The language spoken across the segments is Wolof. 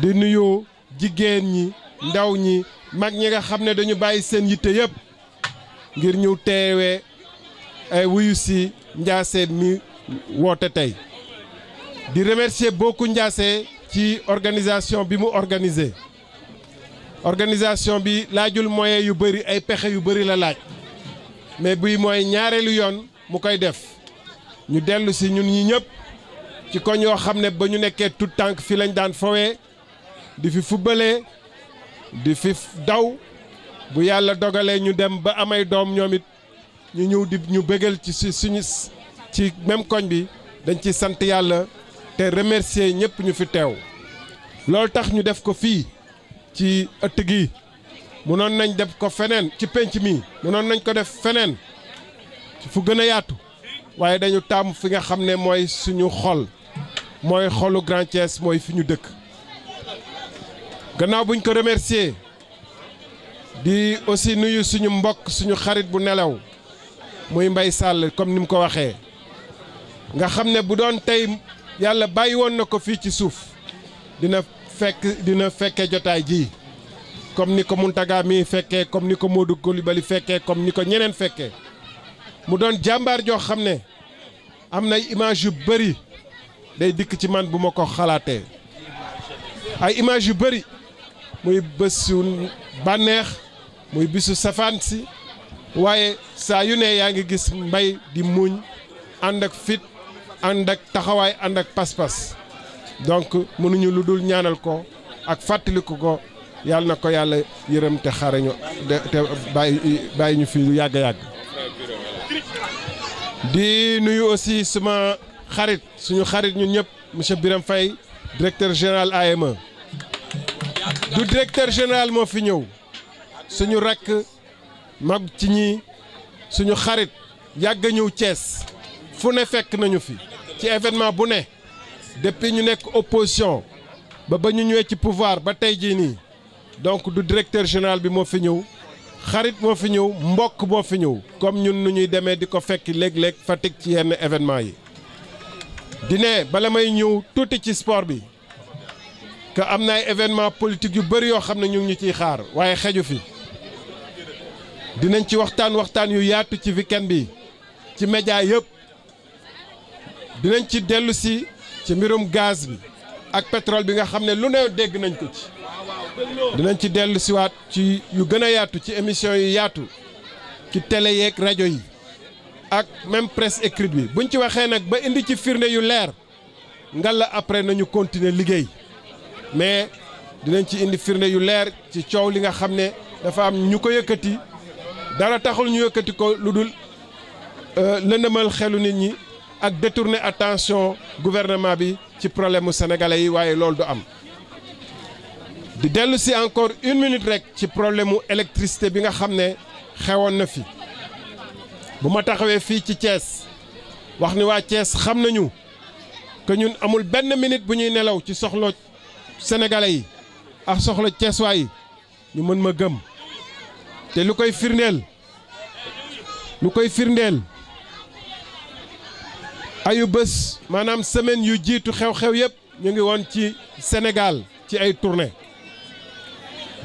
di nuyu jigéen ñi ndaw ñi mag ñi nga xam ne dañu bàyyi seen yitte yëpp ngir ñu teewee ay wuyu si Ndiassé mi woote tey di remercier beaucoup Ndiassé ci organisation bi mu organisé organisation bi laajul moyen yu bëri ay pexe yu bëri la laaj mais bii mooy ñaareelu yoon mu koy def ñu dellu si ñun ñi ñëpp ci koñ yoo xam ne ba ñu nekkee tout tànk fi lañ daan fowe di fi fubbalee di fi daw bu yàlla dogalee ñu dem ba amay doom ñoom it ñu ñëw di ñu bëggal ci si suñu ci même koñ bi dañ ci sant yàlla te remercier ñëpp ñu fi teew loolu tax ñu def ko fii ci ëtt gi mënoon nañ def ko feneen ci penc mi mënoon nañ ko def feneen fu gën a yaatu waaye dañu taamu fi nga xam ne mooy suñu xol mooy xolu Grand mooy fi ñu dëkk gannaaw buñ ko remercier di aussi nuyu suñu mbokk suñu xarit bu nelaw muy mbay sàll comme ni mu ko waxee nga xam ne bu doon tey yàlla bàyyi woon na ko fii ci suuf dina fekk dina fekkee jotaay ji comme ni ko Mountaga mii fekkee comme ni ko Modou Coulibaly fekkee comme ni ko ñeneen fekkee mu doon jàmbaar joo xam ne am na image yu bëri day dikk ci man bu ma ko xalaatee ay image yu bëri muy bés bànneex muy bisu safaan waaye saa yu ne yaa ngi gis mbay di muñ ànd ak fit ànd ak taxawaay ànd ak pas-pas donc mënuñu lu dul ñaanal ko ak fàttaliku ko yàlla na ko yàlla yërëm te xarañu te bàyyi ñu fi lu yàgg-yàgg di nuyu aussi suma xarit suñu xarit ñun ñëpp monsieur Birame Faye directeur général AME du directeur général moo fi ñëw suñu rakk mag ci ñi suñu xarit yàgg ñëw Thiès fu ne fekk nañu fi ci événement bu ne depuis ñu nekk opposition ba ba ñu ñëwee ci pouvoir ba tey jii nii donc du directeur général bi moo fi ñëw xarit moo fi ñëw mbokk moo fi ñëw comme ñun nu ñuy demee di ko fekk léeg-léeg Fatick ci yenn événement yi di ne bala may ñëw tuuti ci sport bi que am na ay événement politique yu bëri yoo xam ne ñu ngi ñu ciy xaar waaye xeju fi dinañ ci waxtaan waxtaan yu yaatu ci weekend bi ci média yëpp dinañ ci dellusi ci mbirum gaz bi ak pétrole bi nga xam ne lu ne dégg nañ ko ci dinañ ci dellu siwaat ci yu gën a yaatu ci émission yu yaatu ci télé yeeg rajo yi ak même presse écrite bi buñ ci waxee nag ba indi ci firnde yu leer nga la après nañu continuer liggéey mais dinañ ci indi firnde yu leer ci coow li nga xam ne dafa am ñu ko yëkkati dara taxul ñu yëkkati ko lu dul euh, lëndëmal xelu nit ñi ak détourner attention gouvernement bi ci problème mu sénégalais yi waaye loolu du am. di dellu si encore une minute rek ci problème mu électricité bi nga xam ne xewoon na fi bu ma taxawee fii ci cees wax ni waa cees xam nañu que ñun amul benn minute bu ñuy nelaw ci soxla sénégalais yi ak soxla ceeswaa ñu mën ma gëm te lu koy firndeel lu koy firndeel ayu bés maanaam semaine yu jiitu xew-xew yëpp ñu ngi woon ci Sénégal ci ay tournée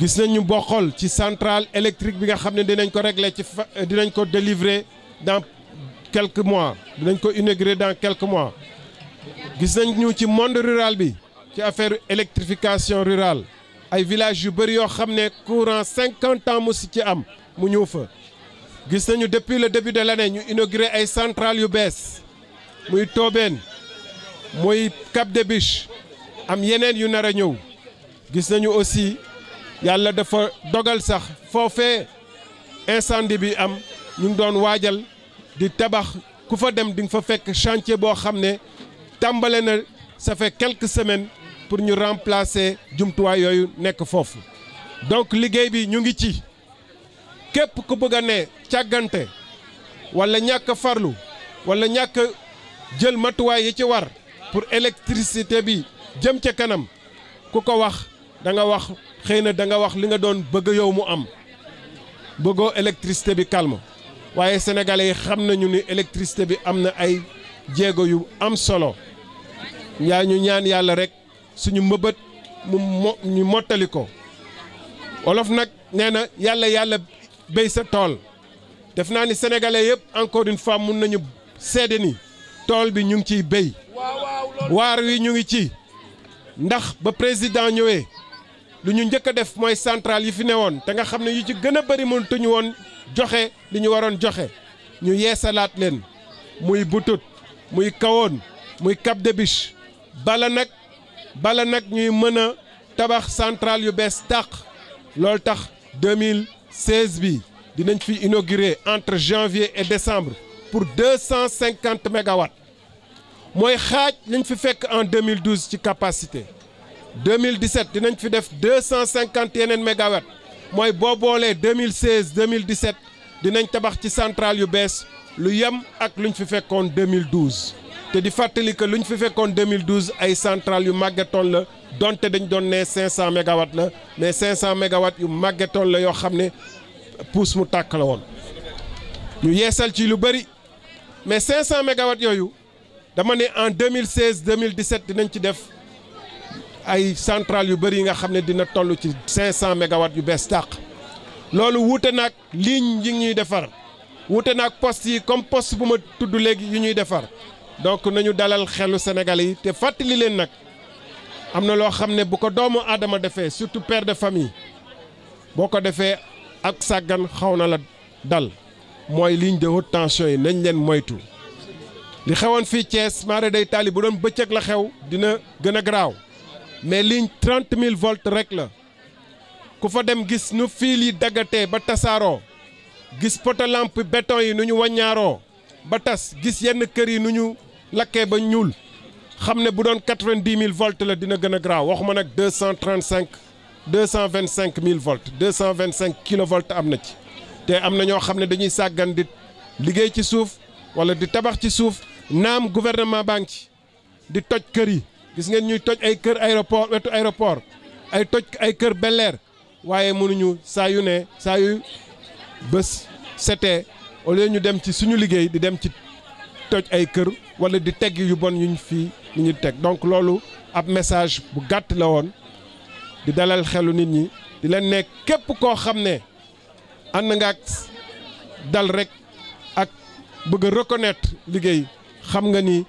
gis nañ ñu bokkal ci centrale électrique bi nga xam ne dinañ ko régler ci dinañ ko délivrer dans quelques mois dinañ ko inaugurer dans quelques mois gis nañ ñu ci monde rural bi ci affaire électrification rural ay village yu bëri yoo xam ne courant cinquante ans mosu ci am mu ñëw fa gis nañu depuis le début de l'année ñu inauguré ay centrales yu bees muy Tobène muy Cap des am yeneen yu nar a ñëw gis nañu aussi yàlla dafa dogal sax foofee incendie bi am ñu ngi doon waajal di tabax ku fa dem di nga fa fekk chantier boo xam ne tàmbale na ça fait quelques semaines pour ñu remplacer jumtuwaay yooyu nekk foofu donc liggéey bi ñu ngi ci képp ku bëgg a ne càggante wala ñàkk farlu wala ñàkk jël matuwaay yi ci war pour électricité bi jëm ca kanam ku ko wax danga wax xëy na da nga wax li nga doon bëgg yow mu am bëggoo électricité bi calme waaye sénégalais yi xam nañu ni électricité bi am na ay jéego yu am solo yaa ñu ñaan yàlla rek suñu mbëbët mu ñu mottali ko wolof nag nee na yàlla yàlla béy sa tool def naa ni sénégalais yëpp encore une mun nañu seede ni tool bi ñu ngi ciy béy waar wi ñu ngi ci ndax ba président ñëwee lu ñu njëkk a def mooy centrale yi fi ne woon te nga xam ne yu ci gën a bëri mënatuñu woon joxe li ñu waroon joxe ñu yeesalaat leen muy butut muy kawoon muy cap de bala nag bala nag ñuy mën a tabax centrale yu bees tàq loolu tax 2016 bi dinañ fi inaugurer entre janvier et décembre pour 250 mégawatts mooy xaaj liñ fi fekk en 2012 ci capacité 2017 dinañ fi def 250 yeneen mégawatts mooy boo boolee 2016 2017 dinañ tabax ci centrale yu bees lu yem ak luñ fi fekkoon 2012 te di fàttali que lu ñu fi fekkoon 2012 ay centrale yu màggetoon la donte dañ doon ne 500 mégawatts la mais 500 mégawatts yu màggetoon la yoo xam ne puus mu tàkk la woon. ñu yeesal ci lu bëri mais 500 mégawatts yooyu dama ne en 2016 2017 dinañ ci def ay centrale yu bëri yi nga xam ne dina toll ci 500 mégawatts yu bees tàq loolu wuute naag ligne yi ñuy defar wuute naag post yi comme post bu ma tudd léegi yu ñuy defar. donc nañu dalal xelu Sénégal yi te fàttali leen nag am na loo xam ne bu ko doomu aadama defee surtout per de famille boo ko defee ak sàggan xaw na la dal mooy liñ de haute tension yi nañ leen moytu. li xewoon fii Thiès maare day taali bu doon bëccëg la xew dina gën a garaaw mais ligne trente mille volts rek la ku fa dem gis nu fii lii daggatee ba tasaaroo gis poto lampe béton yi nu ñu wàññaaroo ba tas gis yenn kër yi nu ñu. lakkee ba ñuul xam ne bu doon quatre vingt mille volts la dina gën a graaw waxuma nag deux cent trente-cinq deux cent vingt-cinq mille volts deux cent vingt-cinq kilovolts am na ci te am na ñoo xam ne dañuy sàggan di liggéey ci suuf wala di tabax ci suuf naam gouvernement baa ngi ci di toj kër yi gis ngeen ñuy toj ay kër aéroport wetu aéroport ay toj ay kër belleer waaye mënuñu saa yu ne saa yu bés setee au ñu dem ci suñu liggéey di dem ci toj ay kër wala di tegg yu bon yuñ fii ni ñu teg donc loolu ab message bu gàtt la woon di dalal xelu nit ñi di leen ne képp koo xam ne ànd nga ak dal rek ak bëgg a liggéey xam nga ni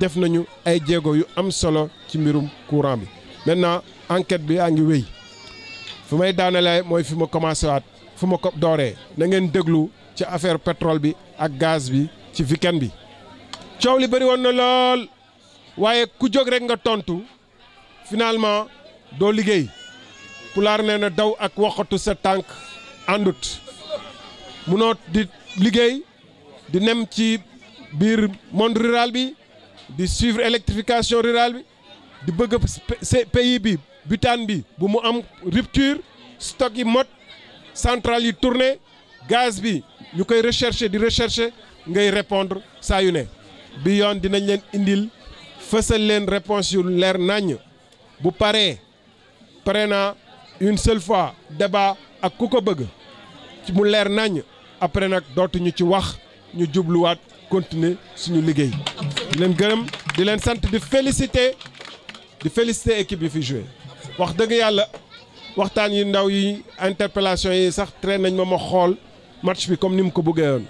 def nañu ay jéego yu am solo ci mbirum courant bi maintenant enquête bi yaa ngi wéy fu may daanalee mooy fu ma commencé waat fu ma ko dooree na ngeen déglu ci affaire pétrole bi ak gaz bi ci weekend bi coow li bëri woon na lool waaye ku jóg rek nga tontu finalement doo liggéey pulaar nee na daw ak waxatu sa tànk àndut munoo di liggéey di nem ci biir monde rural bi di suivre électrification rurale bi di bëgg pays bi butaan bi bu mu am rupture stock yi mot centrale yi tourné gaz bi ñu koy recherché di recherché ngay répondre saa yu ne bi yoon dinañ leen indil fësal leen réponse yu leer naññ bu paree pare na une seule fois débat ak ku ko bëgg ci mu leer naññ après nag dootuñu ci wax ñu jubluwaat continuer suñu liggéey di leen gërëm di leen sant di féliciter di féliciter équipe yi fi joué wax dëgg yàlla waxtaan yi ndaw yi interpellation yi sax train nañ ma ma xool match bi comme ni mu ko bëggee woon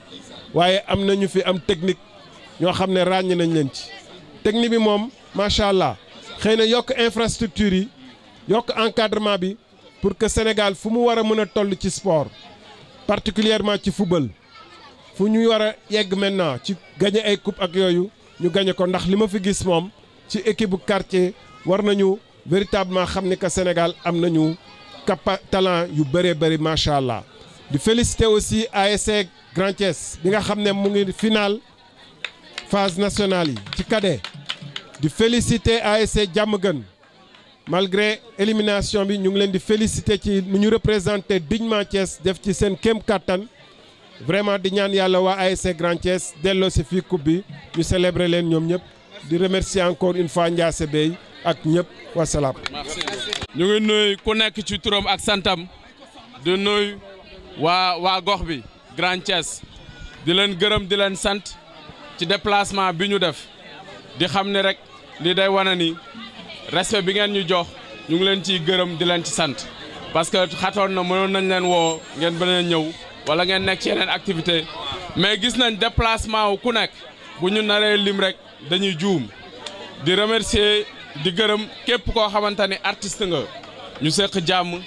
waaye am nañu fi am technique ñoo xam ne ràññee nañ leen ci technique bi moom macha allah xëy na yokk infrastructure yi yokk encadrement bi pour que Sénégal fu mu war a mën a toll ci sport particulièrement ci football fu ñu war a yegg maintenant ci gañe ay coupe ak yooyu ñu gañe ko ndax li ma fi gis moom ci équipe bu quartier war nañu véritablement xam ni que Sénégal am nañu capa talent yu bëree bëri macha allah di féliciter aussi ASC e Grand Thiès bi nga xam ne mu ngi final phase nationale yi ci cadet di félicité féliciter ASC Diamaguène malgré élimination bi ñu ngi leen di félicité ci nu ñu représenté dignement Thiès def ci seen kéem kattan vraiment di ñaan yàlla waa ASC Grand Thiès delloo si fii coupe bi ñu célébrer leen ñoom ñëpp di remercier encore une fois Ndiassé Bey ak ñëpp wasalaam. ñu ngi nuyu ku nekk ci turam ak santam di nuyu waa waa gox bi Grand Thiès di leen gërëm di leen sant. ci déplacement bi ñu def di xam ne rek li day wane ni respect bi ngeen ñu jox ñu ngi leen ciy gërëm di leen ci sant parce que xatoon na mënoon nañu leen woo ngeen bañ a ñëw wala ngeen nekk ci yeneen activité mais gis nañ déplacement wu ku nekk bu ñu naree lim rek dañuy juum di remercier di gërëm képp koo xamante ni artiste nga ñu seq jàmm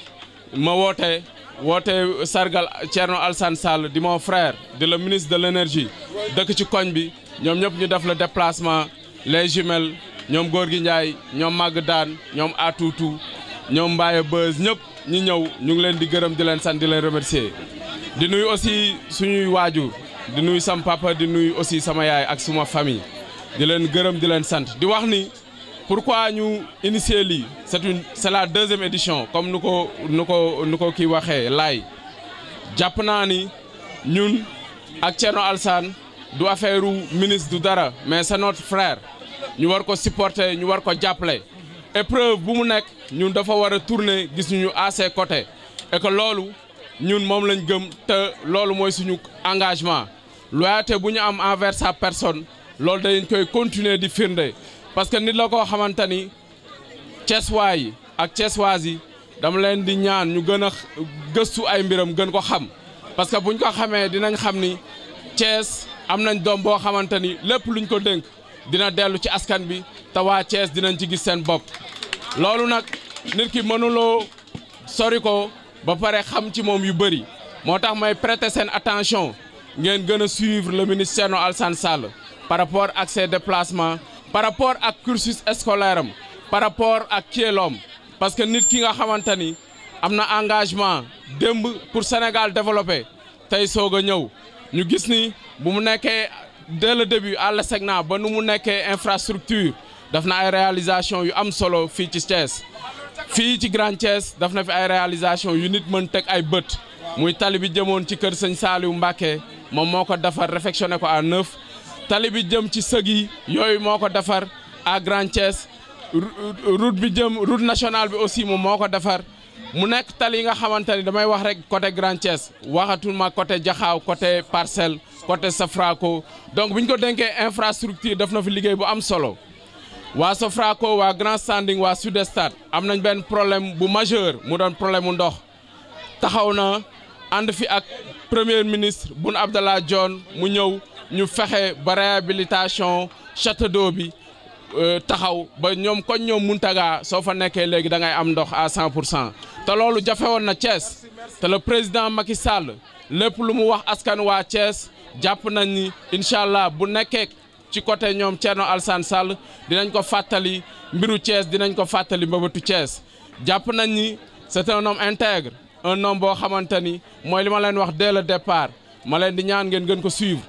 ma woote woote sargal Thierno Alassane Sall di mon frère di la ministre de l'énergie dëkk ci koñ bi ñoom ñëpp ñu def la déplacement les jumelles ñoom góor gi Ndiaye ñoom màgg daan ñoom atuutu ñoom mbaaye beuse ñëpp ñi ñëw ñu ngi leen di gërëm di leen sant di leen remercier di nuyu aussi suñuy waajur di nuyu sam papa di nuyu aussi sama yaay ak suma famille di leen gërëm di leen sant di wax ni pourquoi ñu initier lii c'est une c'est la deuxième édition comme nu ko nu ko nu ko kii waxee laay jàpp naa ni ñun ak Thierno Alsane du affaire u ministre du dara mais c'est notre ñu war ko supporter ñu war ko jàppale épreuve bu mu nekk ñun dafa war a tourner gis ñu à ses côtés que loolu ñun moom lañ gëm te loolu mooy suñu engagement loyauté bu ñu am envers sa personne loolu dañ koy continuer di firnde parce que nit la koo xamante ni ceeswaay yi ak ceeswaas yi dama leen di ñaan ñu gën a gëstu ay mbiram gën ko xam parce que buñ ko xamee dinañ xam ni Cees am nañ doom boo xamante ni lépp luñ ko dénk dina dellu ci askan bi te waa Cees dinañ ci gis seen bopp loolu nag nit ki mënuloo sori ko ba pare xam ci moom yu bëri moo tax may prêter seen attention ngeen gën a suivre le ministre Thierno Alassane par rapport ak ses déplacements par rapport ak cursus scolaire am par rapport ak cieloom parce que nit ki nga xamante ni am na engagement démb pour Sénégal développé tey soog a ñëw ñu gis ni bu mu nekkee dès le début à l'ESSECNA ba nu mu nekkee infrastructure daf na ay réalisation yu am solo fii ci Thiès fii ci Grand Thiès daf na fi ay réalisation yu nit mën teg ay bët muy tali bi jëmoon ci kër sëñ Saliou Mbacké moom moo ko defar réfectionné ko à neuf tali bi jëm ci sëg yooyu moo ko defar à Grand Thiès route bi jëm route nationale bi aussi moom moo ko defar mu nekk tali yi nga xamante ni damay wax rek côté Grand Thiès waxatuma côté Jaxaaw côté Parcelles côté safraako donc bu ko dénkee infrastructure def na fi liggéey bu am solo waa Safraco waa Grand Standing waa Sudestat am nañ benn problème bu majeur mu doon problème mu ndox taxaw na ànd fi ak premier ministre Boun Abdallah Dionne mu ñëw. ñu fexe ba réhabilitation château d'eau bi euh, taxaw ba ñoom koñ ñoom Muntaga soo fa nekkee léegi da ngay am ndox à 100 pour cent te loolu jafe woon na Thiès te le président Macky Sall lépp lu mu wax askan waa Thiès jàpp nañ ni incha allah bu nekkee ci côté ñoom Thierno Alassane Sall dinañ ko fàttali mbiru Thiès dinañ ko fàttali mbëbëtu Thiès jàpp nañ ni c'est un homme intègre un homme boo xamante ni mooy li ma leen wax dès le départ ma leen di ñaan ngeen gën ko suivre.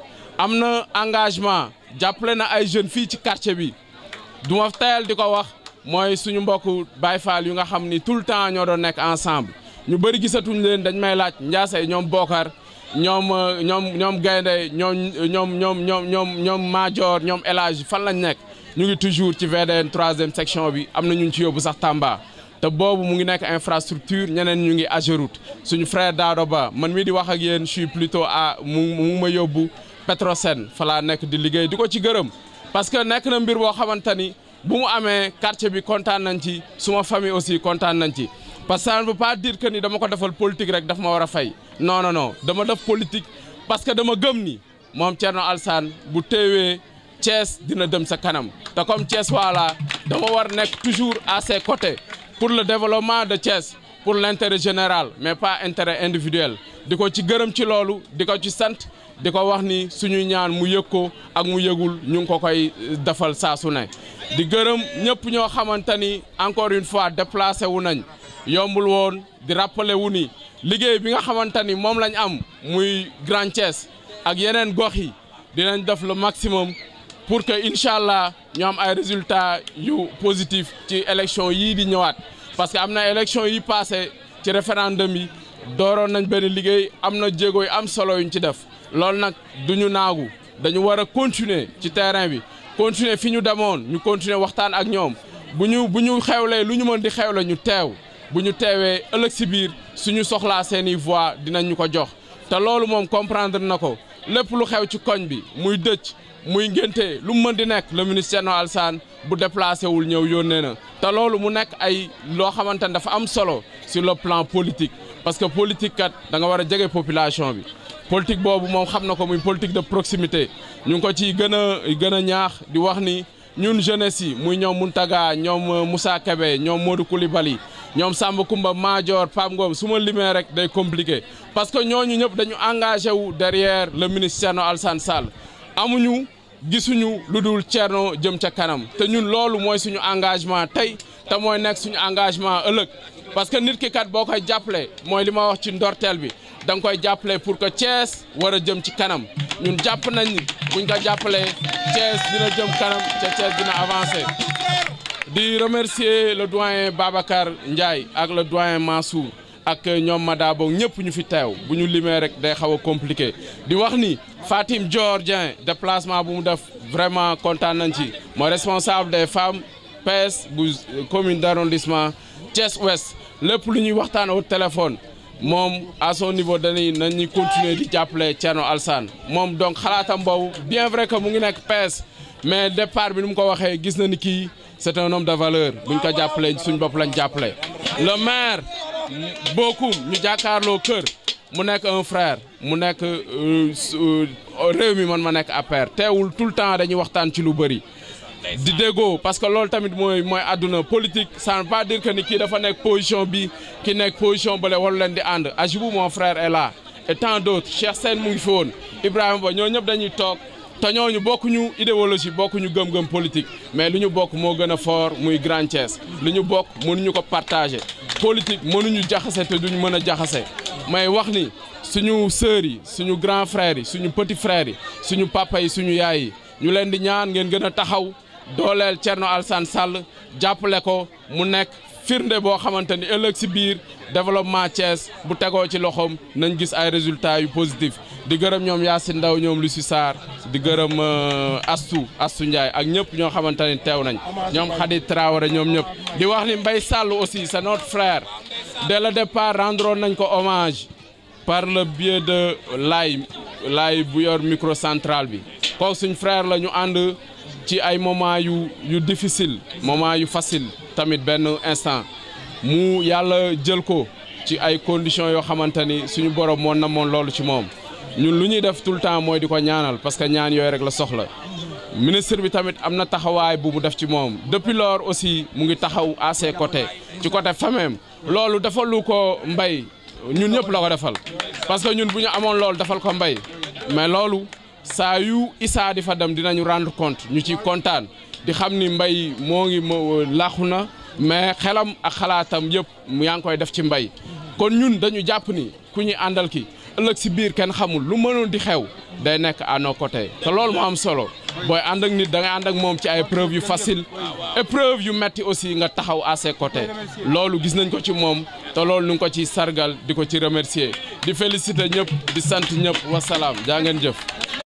am na engagement jàppale na ay jeunes fii ci quartier bi du ma tayal di ko wax mooy suñu mbokk Baye Fall yu nga xam ni tout le temps ñoo doon nekk ensemble ñu bëri gisatuñ leen dañ may laaj Ndiassay ñoom Bokar ñoom euh, ñoom ñoom Gaynde ñoom ñoom ñoom ñoom ñoom ñoom Major ñoom El Hadj fan lañ nekk ñu ngi toujours ci VDN troisième section bi am na ñu ci yóbbu sax Tamba te boobu mu ngi nekk infrastructure ñeneen ñu ngi Ageroute suñu frère Daado Ba man mii di wax ak yéen je suis plutôt mu mu ma yóbbu. Petrosen fa laa nekk di liggéey di ko ci gërëm parce que nekk na mbir boo xamante ni bu mu amee quartier bi kontaan nañ ci suma famille aussi kontaan nañ ci parce que ça pas dire que ni dama ko defal politique rek daf ma war a fay non non non dama def politique parce que dama gëm ni moom Thierno Alassane bu teewee Thiès dina dem sa kanam te comme Thiès voilà dama war nekk toujours à ses côtés pour le développement de Thiès pour l'intérêt général mais pas intérêt individuel di ko ci gërëm ci loolu di ko ci sant di ko wax ni suñu ñaan mu yëg ko ak mu yëgul ñu ngi ko koy eh, defal saa su ne di gërëm ñëpp ñoo xamante ni encore une fois déplacé wu nañ yombul woon di rappelé wu ni liggéey bi nga xamante ni moom lañ am muy Grand Thiès ak yeneen gox yi dinañ def le maximum pour que incha allah ñu am ay résultats yu positif ci élection yii di ñëwaat parce que am na élection yi passé ci référendum yi dooroon nañ benn liggéey am na jéego yu am solo yu ñu ci def loolu nag du ñu naagu dañu war a continuer ci terrain bi continuer fi ñu demoon ñu continuer waxtaan ak ñoom bu ñu bu ñu xewlee lu ñu mën di xewle ñu teew bu ñu teewee ëllëg si biir suñu soxlaa seeni voix dinañ ñu ko jox te loolu moom comprendre na ko lépp lu xew ci koñ bi muy dëcc muy ngénte lu mu mën di nekk le ministre Thierno Alassane bu déplacé wul ñëw yónnee na te loolu mu nekk ay loo xamante ne dafa am solo sur le plan politique parce que politique kat da nga war a jege population bi politique boobu moom xam na ko muy politique de proximité ñu ngi ko ciy gën a gën a ñaax di wax ni ñun jeunesse yi muy ñoom Mountaga ñoom euh, Moussa Kébé ñoom Modou Koulibaly ñoom Samba Kumba Madior Pape Ngom su ma limee rek day compliqué parce que ñooñu ñëpp dañu engagé wu derrière le ministre Thierno Alassane Sall gisuñu lu dul no jëm ca kanam te ñun loolu mooy suñu engagement tey te mooy nekk suñu engagement ëllëg parce que nit ki kat boo koy jàppale mooy li ma wax ci ndorteel bi da koy jàppale pour que Thiès war a jëm ci kanam ñun jàpp nañ ni buñ ko jàppalee Thiès dina jëm kanam ca Thiès dina avancer. di remercier le doyen Babacar Ndiaye ak le doyen Mansour. ak ñoom Madaa boog ñëpp ñu fi teew bu ñu limee rek day xaw a compliqué di wax ni faatim Fatim Georgien déplacement bu mu def vraiment kontaan nañ ci mooy responsable des femmes PS bu commune d' arrondissement Thiès Ouest lépp lu ñuy waxtaan au téléphone moom à son niveau dañuy nañuy continuer di jàppale Thierno Alsane moom donc xalaatam boobu bien vrai que mu ngi nekk PS mais départ bi nu mu ko waxee gis na ni kii c' est un homme de valeur buñ ko jàppalee suñ bopp lañ jàppale le bokkum ñu jàkkaarloo kër mu nekk un frère mu nekk euh, euh, réew mi man ma nekk APR teewul tout le temps dañuy waxtaan ci lu bëri di déggoo parce que loolu tamit mooy mooy àdduna politique ça ne veut pas dafa nekk position bi ki nekk position bële waru leen di ànd Ajibou mon frère est là et tant d'autres mu ngi fi woon Ibrahima ñoo ñëpp dañuy toog te ñooñu bokkuñu idéologie bokkuñu gëm-gëm politique mais lu ñu bokk moo gën a foor muy Grand Thiès lu ñu bokk mënuñu ko partager mën mënuñu jaxase te duñ mën a jaxase may wax ni suñu sœurs yi suñu grand frères yi suñu petit frères yi suñu papa yi suñu yaay yi ñu leen di ñaan ngeen gën a taxaw dooleel Thierno Alassane Sall jàppale ko mu nekk. firnde boo xamante ni ëllëg si biir développement Thiès bu tegoo ci loxoom nañ gis ay résultats yu positif di gërëm ñoom Yacine Ndaw ñoom si Sarr di gërëm euh, astu astu Ndiaye ak ñëpp ñoo xamante ni teew nañ ñoom Khady Traoré ñoom ñëpp di wax ni mbay Sall aussi c'est notre frère dès le départ rendroon nañ ko omage par le biais de laay laay bu yor microcentral bi kooku suñ frère la ñu ànd ci ay moment yu yu difficile moment yu facile tamit benn instant mu yàlla jël ko ci ay conditions yoo xamante ni suñu borom moo namoon loolu ci moom ñun lu ñuy def tout le temps mooy di ko ñaanal parce que ñaan yooyu rek la soxla ministre bi tamit am na taxawaay bu mu def ci moom depuis lors aussi mu ngi taxaw à ses côtés ci côté fameem loolu defal ko mbay ñun ñëpp la ko defal parce que ñun bu ñu amoon loolu defal ko mbay mais loolu saa yu isaa di fa dem dinañu rendre compte ñu ci kontaan di xam ni mbay moo ngi laaxu na mais xelam a xalaatam yëpp yaa ngi koy def ci mbay kon ñun dañu jàpp ni ku ñuy àndal ki ëllëg si biir kenn xamul lu mënoon di xew day nekk à nos côtés te lool moo am solo booy ànd ak nit danga ngay ànd ak moom ci ay preuve yu facile épreuve yu metti aussi nga taxaw à ses côtés loolu gis nañ ko ci moom te loolu nu ngi ko ci sargal di ko ci remercier di féliciter ñëpp di sant ñëpp wasalaam jaa ngeen jëf